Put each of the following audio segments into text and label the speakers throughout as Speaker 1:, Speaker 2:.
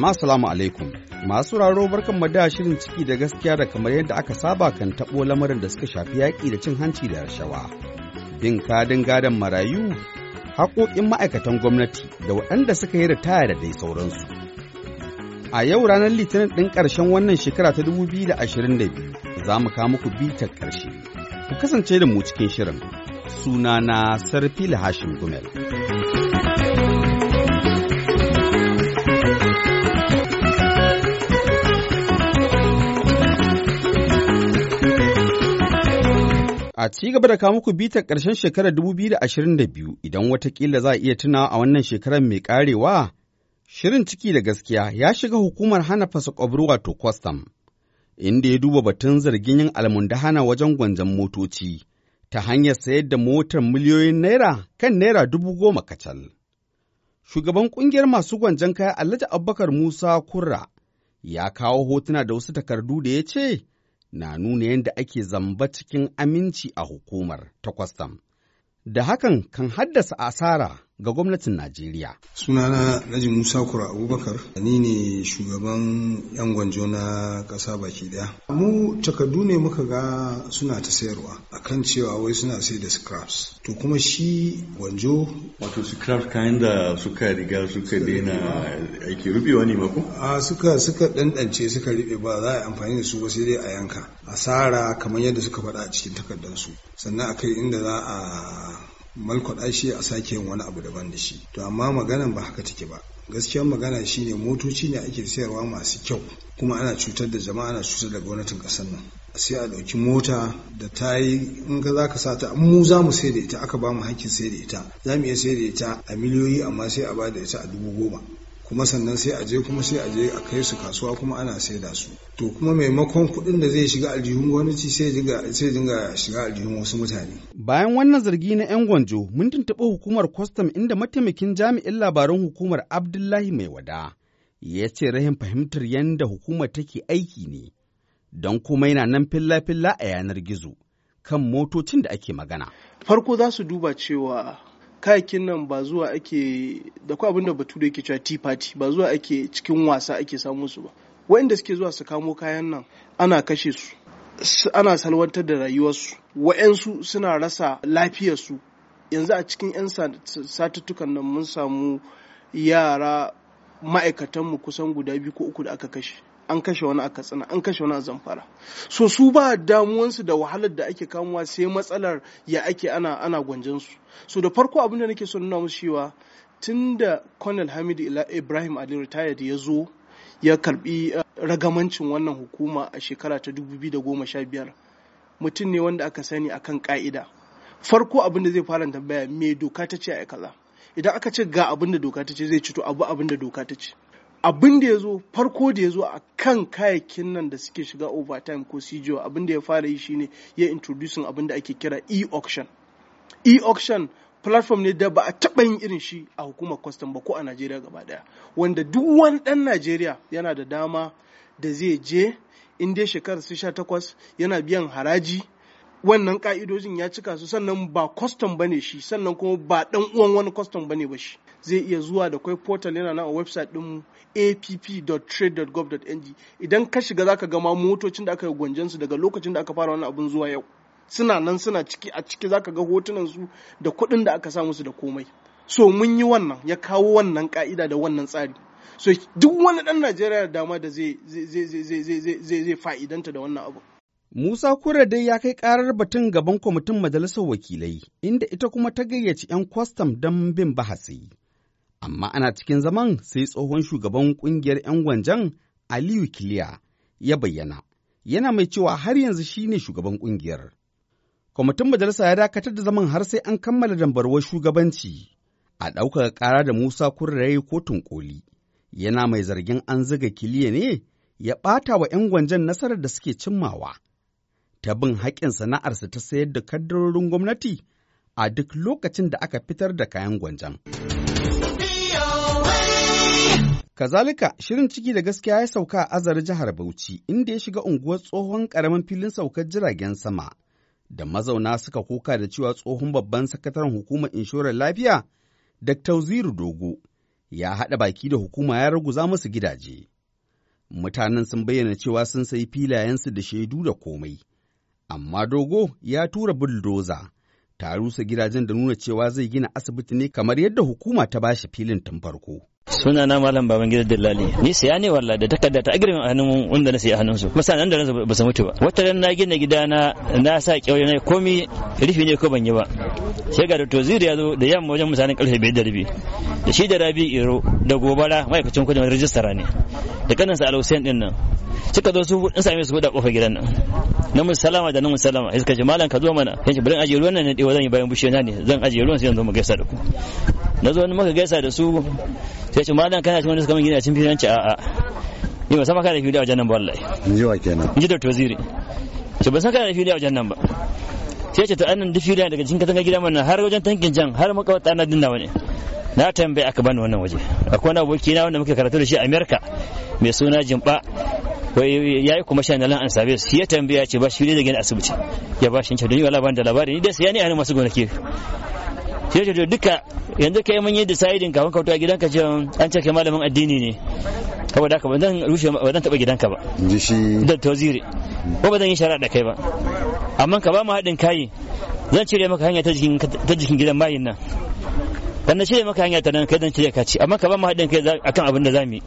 Speaker 1: Jama'a salamu alaikum. Masu raro barkan mu da shirin ciki da gaskiya da kamar yadda aka saba kan tabo lamarin da suka shafi yaƙi da cin hanci da rashawa. Bin kadin gadon marayu, haƙoƙin ma'aikatan gwamnati da waɗanda suka yi ritaya da dai sauransu. A yau ranar Litinin ɗin ƙarshen wannan shekara ta 2022 za mu kawo muku bitar ƙarshe. Ku kasance da mu cikin shirin. Sunana Sarfila Hashim Gumel. A ci gaba da kawo muku bitar ƙarshen shekarar 2022 idan watakila za a iya tunawa a wannan shekarar mai ƙarewa, shirin ciki da gaskiya ya shiga hukumar hana fasa wato kwastam, inda ya duba batun zargin yin almundahana wajen gwanjan motoci ta hanyar sayar da motar miliyoyin naira kan naira dubu goma kacal. Shugaban ƙungiyar masu gwanjan kaya Alhaji Abubakar Musa Kurra ya kawo hotuna da wasu takardu da ya ce na nuna yadda ake zamba cikin aminci a hukumar ta kwastam, da hakan kan haddasa asara ga gwamnatin Najeriya.
Speaker 2: Sunana Naji Musa Kura Abubakar, ni ne shugaban 'yan gwanjo na ƙasa baki ɗaya. Mu takardu ne muka ga suna ta sayarwa kan cewa wai suna sai da scraps. To kuma shi gwanjo.
Speaker 1: Wato scraps kayan da suka riga suka daina aiki rubewa ne mako? A
Speaker 2: suka suka ɗanɗance suka rufe ba za a yi amfani da su ba sai dai a yanka. Asara kamar yadda suka faɗa a cikin takardarsu. Sannan akai inda za a malkwaɗa shi a sake yin wani abu daban da shi to amma maganan ba haka take ba gaskiyar magana shine motoci ne ake sayarwa masu kyau kuma ana cutar da jama'a ana cutar da gwamnatin ƙasar nan sai a ɗauki mota da ta yi in ka za ka sa ta mu za mu sai da ita aka ba mu hakkin sai da ita za mu iya sayar da ita a miliyoyi amma sai a ba da ita a dubu goma kuma sannan sai a je kuma sai a je a kai su kasuwa kuma ana saida su to kuma maimakon kuɗin da zai shiga aljihun gwamnati sai
Speaker 1: dinga shiga aljihun wasu mutane bayan wannan zargi na yan gwanjo mun tuntuɓi hukumar kwastam inda mataimakin jami'in labaran hukumar abdullahi mai wada ya ce rahin fahimtar yadda hukumar take aiki ne don kuma yana nan filla-filla a yanar gizo kan motocin da ake magana farko za su duba cewa kayakin
Speaker 3: nan ba zuwa ake da ku abinda batu da yake cewa tea party ba zuwa ake cikin wasa ake samu su ba wa'inda suke zuwa su kamo kayan nan ana kashe su ana salwantar da rayuwarsu wa'yansu suna rasa lafiyarsu yanzu a cikin 'yan satuttukan nan mun samu yara ma'aikatanmu kusan guda biyu ko uku da aka kashe an kashe wani a katsina an kashe wani a zamfara so su ba damuwansu da wahalar da ake kamuwa sai matsalar ya ake ana ana gwanjan su so da farko abin da nake so nuna musu cewa tunda Colonel Hamid Ibrahim Ali retired ya zo ya karbi eh, ragamancin wannan hukuma a shekara ta 2015 mutum ne wanda aka sani akan ka'ida farko abin da zai fara tambaya me doka ta ce a kaza idan aka ce ga abin da doka ta ce zai cito abu abin da doka ta ce abin da ya zo farko da ya zo a kan kayakin nan da suke shiga overtime ko cgo abin da ya fara yi shine ya introducing abin da ake kira e-auction e-auction platform ne da ba a taɓa yin irin shi a hukumar kwastam ba ko a najeriya gaba daya wanda duk wani ɗan najeriya yana da dama da zai je in dai shekarar su sha takwas yana biyan haraji wannan ka'idojin ya cika su sannan ba kwastam bane shi sannan kuma ba ɗan uwan wani kwastam bane ba shi zai iya zuwa da kwai portal yana nan a website ɗinmu app.trade.gov.ng idan ka shiga zaka ga ma motocin da aka yi gwanjan su daga lokacin da aka fara wannan abun zuwa yau suna nan suna ciki a ciki zaka ga hotunan su da kuɗin da aka sa musu da komai so mun yi wannan ya kawo wannan ka'ida da wannan tsari so duk wani ɗan najeriya dama da zai fa'idanta da wannan abu
Speaker 1: Musa Kura dai ya kai karar batun gaban kwamitin majalisar wakilai, inda ita kuma ta gayyaci 'yan kwastam don bin bahasi. amma ana cikin zaman sai tsohon shugaban ƙungiyar 'yan gwanjan Aliyu Kiliya ya bayyana, yana mai cewa har yanzu shine shugaban ƙungiyar. Kwamitin majalisa ya dakatar da zaman har sai an kammala dambarwar shugabanci a ɗaukar ƙara da Musa Kurraye kotun koli Yana mai zargin an ziga Kiliya ne ya ɓata wa 'yan gwanjan nasarar da suke cimmawa. Ta bin haƙƙin sana'arsa ta sayar da kaddarorin gwamnati a duk lokacin da aka fitar da kayan gwanjan. Kazalika, shirin ciki da gaskiya ya sauka a azari jihar Bauchi, inda ya shiga unguwar tsohon karamin filin saukar jiragen sama, da mazauna suka koka da cewa tsohon babban sakataren hukumar inshorar lafiya, Dr. Ziru Dogo, ya haɗa baki da hukuma ya ruguza musu gidaje. Mutanen sun bayyana cewa sun sayi su da shaidu da komai, amma Dogo ya tura buldoza ta rusa gidajen da nuna cewa zai gina asibiti ne kamar yadda hukuma ta bashi filin tun farko.
Speaker 4: suna na malam baban gidan dillali ni saya ne walla da takarda ta agirin a hannun wanda na siya hannun su masa nan da nan ba su mutu ba wata ran na gina gida na na sa kyauye na komi rufi ne ko ban yi ba sai ga to zuri ya zo da yamma wajen misalin karfe biyar da rabi da shi da rabi iro da gobara ma'aikacin kudin rajistara ne da kanin sa alhussein din nan suka zo su in same su da kofar gidan nan na mun salama da na mun salama sai suka ce malam ka zo mana sai ce bari aje ruwan nan ne dewa zan yi bayan bushe na ne zan aje ruwan sai zo mu gaisa da ku na zo muka gaisa da su sai ce malam kana cikin wanda suka min gina cikin a a ni ba sama ka da fili a wajen nan ba wallahi
Speaker 5: in ji wa kenan
Speaker 4: in ji da toziri to ba san ka da fili a wajen nan ba sai ce ta annan da fili daga cikin katanga gidan mana har wajen tankin jan har makawata na dinna wani na tambaye aka bani wannan waje akwai wani aboki na wanda muke karatu da shi a america mai suna jimba ya yi kuma shan an sabe su ya tambaya ce ba shi ne gani asibiti ya ba shi don yi wala ban da labari ni da sai ya ne a masu gonaki sai ce duka yanzu kai mun yi deciding kafin kawo fito a gidanka ce an ce kai malamin addini ne da ka ba zan rushe ba zan taba gidanka ba
Speaker 5: inji shi
Speaker 4: da tozire ko ba zan yi shara da kai ba amma ka ba mu haɗin kayi zan cire maka hanya ta jikin ta jikin gidan mayin nan wannan cire maka hanya ta nan kai zan cire ka ci amma ka ba mu haɗin kai akan abin da zamu yi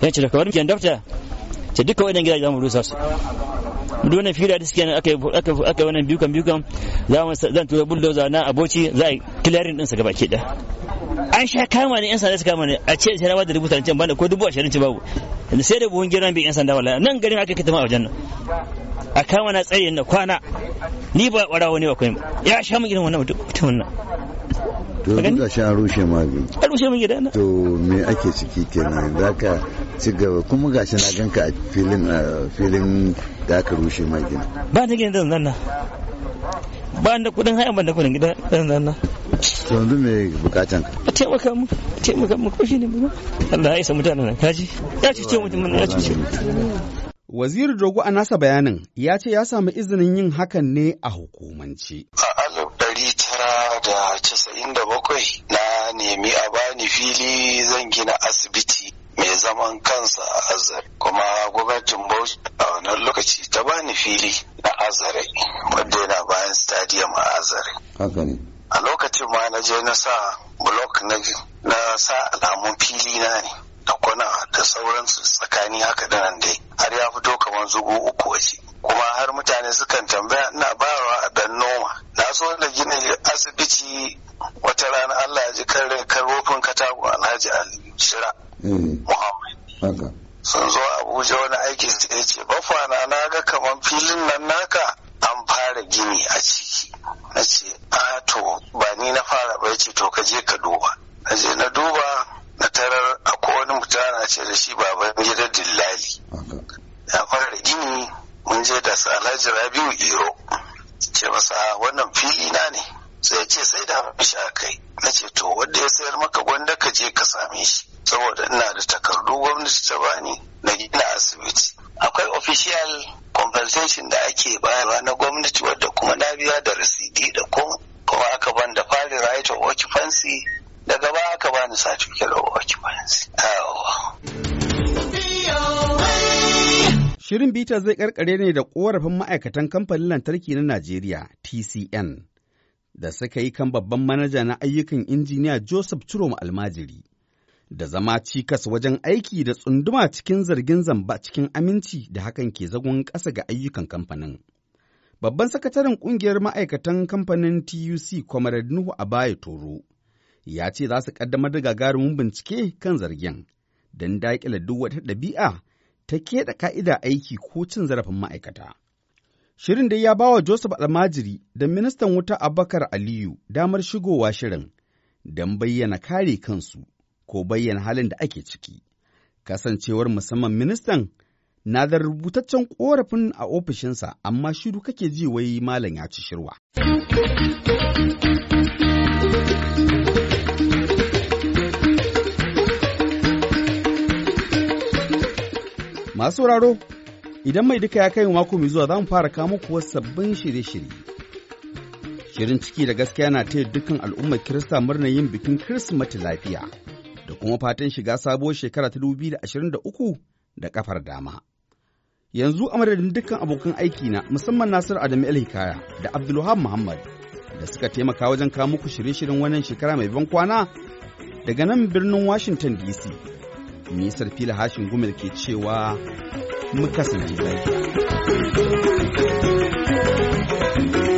Speaker 4: yan cire ka ki kyan dokta sai duka waɗannan gidaje za mu rusa su duk wannan fira da suke nan aka aka wannan biyukan biyukan za mu zan tura bulldozer na aboci za a yi clearing din su gaba da an sha kama ne yan sanda su kama ne a ce sharawa da rubuta can bana ko dubu ashirin ci babu sai da buhun giran bi yan sanda wallahi nan garin aka kitama a wajen nan a kama na tsaye na kwana ni ba warawa ne ba kai ya sha mun irin wannan mutumin nan to duk
Speaker 5: a sha rushe magani
Speaker 4: a rushe mun gidana
Speaker 5: to me ake ciki kenan zaka ci gaba kuma gashi na ganka a filin filin da aka rushe ma gina
Speaker 4: ba da gina zan nan ba da kudin haya ba da kudin gida zan nan
Speaker 5: to yanzu me bukatan
Speaker 1: ka a taimaka mu taimaka mu ko ne mu Allah ya isa mutanen nan kaji ya ci ce mutum ya ci ce Waziri Dogo a nasa bayanin ya ce ya samu izinin yin hakan ne a hukumance.
Speaker 5: tara da casa'in da bakwai na nemi a bani fili zan gina asibiti mai zaman kansa a azare kuma gwamnatin bauchi a wannan lokaci ta bani fili na azare wadda yana bayan stadium a azare a lokacin ma na je na sa blok na sa alamun fili na ne da kwana da sauransu tsakani haka da nan dai har ya fito kamar zugo uku waje kuma har mutane sukan tambaya ina bawa a dan noma na so da gina asibiti wata rana Allah ya ji kan karofin katago Alhaji Ali Shira mm. muhammad sun zo abuja wani aikin sai ce bafana na ga kaman filin nan naka an fara gini a ciki na ce a to ba ni na fara ba ce to ka je ka duba na je na duba na tarar akwai wani mutum a ce da shi baban gida dillali ya fara gini mun je da alhaji rabiu iro ce masa wannan fili na ne sai ce sai da mishi a kai na ce to wanda ya sayar maka gwanda ka je ka same shi saboda ina da takardu gwamnati ta bani na gina asibiti akwai official compensation da ake bayarwa na gwamnati wadda kuma na biya da rasidi da kuma aka ban da fari right of occupancy daga ba aka bani certificate of occupancy
Speaker 1: Shirin bita zai karkare ne da korafin ma'aikatan kamfanin lantarki na Najeriya TCN da suka yi kan babban manaja na ayyukan injiniya Joseph Ciroma almajiri, da zama cikas wajen aiki da tsunduma cikin zargin zamba cikin aminci da hakan ke zagon ƙasa ga ayyukan kamfanin. Babban sakataren ƙungiyar ma'aikatan kamfanin TUC Comrade Nuhu Abaye Toro ya ce za su ƙaddamar da gagarumin bincike kan zargin don daƙile duk wata ɗabi'a ta keɗa ka'ida aiki ko cin zarafin ma'aikata. Shirin dai ya bawa Joseph Almajiri da ministan wuta Abubakar Aliyu damar shigowa shirin don bayyana kare kansu ko bayyana halin da ake ciki. Kasancewar musamman ministan na da rubutaccen ƙorafin a ofishinsa amma shiru kake ji wai malam ya ci shirwa. Masu wuraro Idan mai duka ya kai mako mai zuwa za mu fara kawo muku wasu sabbin shirye-shirye. Shirin ciki da gaskiya na taya dukkan al'ummar Kirista murnar yin bikin Kirsimeti lafiya da kuma fatan shiga sabuwar shekara ta 2023 da da uku kafar dama. Yanzu a madadin dukkan abokan aiki na musamman Nasiru Adamu Hikaya da Abdulwahab Muhammad da suka taimaka wajen kawo muku shirye-shiryen wannan shekara mai ban kwana daga nan birnin Washington DC. Nisar fila hashin gumel ke cewa mu kasance lafiya